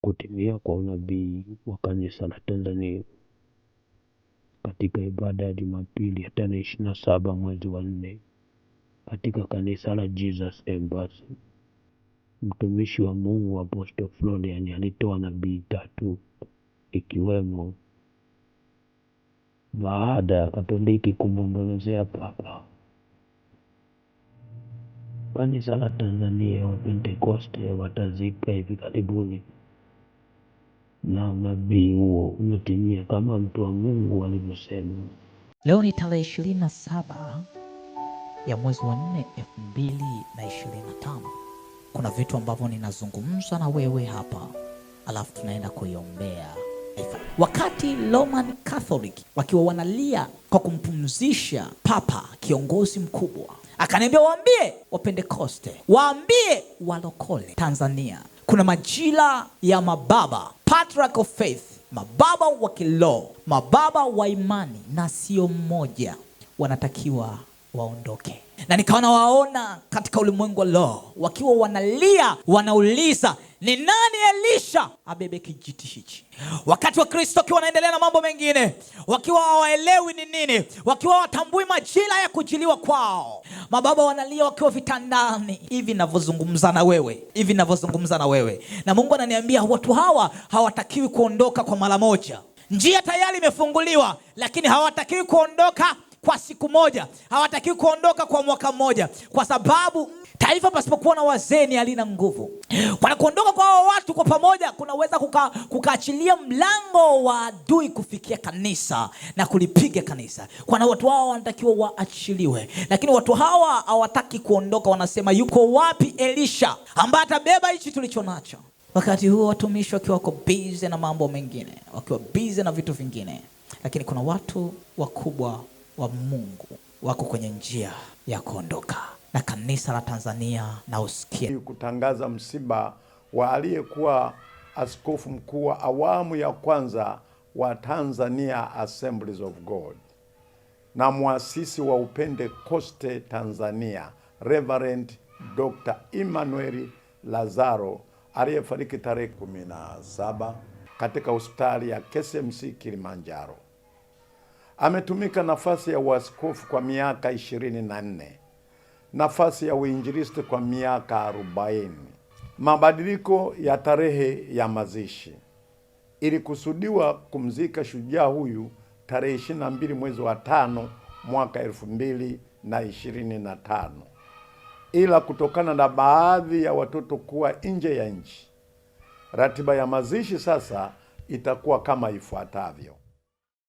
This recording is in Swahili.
kutimia kwa unabii wa Kanisa la Tanzania katika ibada ya Jumapili ya tarehe ishirini na saba mwezi wa nne katika kanisa la Jesus Embassy. Mtumishi wa Mungu Apostle Florian alitoa nabii tatu ikiwemo baada ya Katoliki kumwombolezea Papa, Kanisa la Tanzania wa pentekoste watazika hivi karibuni na unabii huo unatimia kama mtu wa Mungu alivyosema. Leo ni tarehe ishirini na saba ya mwezi wa nne elfu mbili na ishirini na tano. Kuna vitu ambavyo ninazungumza na wewe hapa, alafu tunaenda kuiombea Wakati Roman Catholic wakiwa wanalia kwa kumpumzisha papa kiongozi mkubwa, akaniambia waambie Wapentekoste, waambie walokole Tanzania kuna majira ya mababa, patriarch of faith, mababa wa kiloo mababa wa imani, na sio mmoja, wanatakiwa waondoke. Na nikaona waona katika ulimwengu wa roho wakiwa wanalia, wanauliza ni nani Elisha abebe kijiti hichi? Wakati wa Kristo akiwa wanaendelea na mambo mengine, wakiwa hawaelewi ni nini, wakiwa watambui majira ya kujiliwa kwao. Mababa wanalia wakiwa vitandani, hivi navyozungumza na wewe, hivi navyozungumza na wewe, na Mungu ananiambia watu hawa hawatakiwi kuondoka kwa mara moja. Njia tayari imefunguliwa, lakini hawatakiwi kuondoka kwa siku moja, hawatakiwi kuondoka kwa mwaka mmoja, kwa sababu taifa pasipokuwa na wazee ni halina nguvu. Kwa kuondoka kwa hao watu kwa pamoja kunaweza kukaachilia kuka mlango wa adui kufikia kanisa na kulipiga kanisa. Kwana watu hawa wanatakiwa waachiliwe, lakini watu hawa hawataki kuondoka. Wanasema, yuko wapi Elisha ambaye atabeba hichi tulicho nacho? Wakati huo watumishi wakiwa wako bize na mambo mengine, wakiwa bize na vitu vingine, lakini kuna watu wakubwa wa Mungu wako kwenye njia ya kuondoka, na kanisa la Tanzania na usikie kutangaza msiba wa aliyekuwa askofu mkuu wa awamu ya kwanza wa Tanzania Assemblies of God na mwasisi wa upende koste Tanzania Reverend Dr. Emmanuel Lazaro aliyefariki tarehe 17 katika hospitali ya KCMC Kilimanjaro. Ametumika nafasi ya uaskofu kwa miaka ishirini na nne, nafasi ya uinjilisti kwa miaka arobaini. Mabadiliko ya tarehe ya mazishi ilikusudiwa kumzika shujaa huyu tarehe 22 mwezi wa tano mwaka elfu mbili na ishirini na tano, ila kutokana na baadhi ya watoto kuwa nje ya nchi, ratiba ya mazishi sasa itakuwa kama ifuatavyo.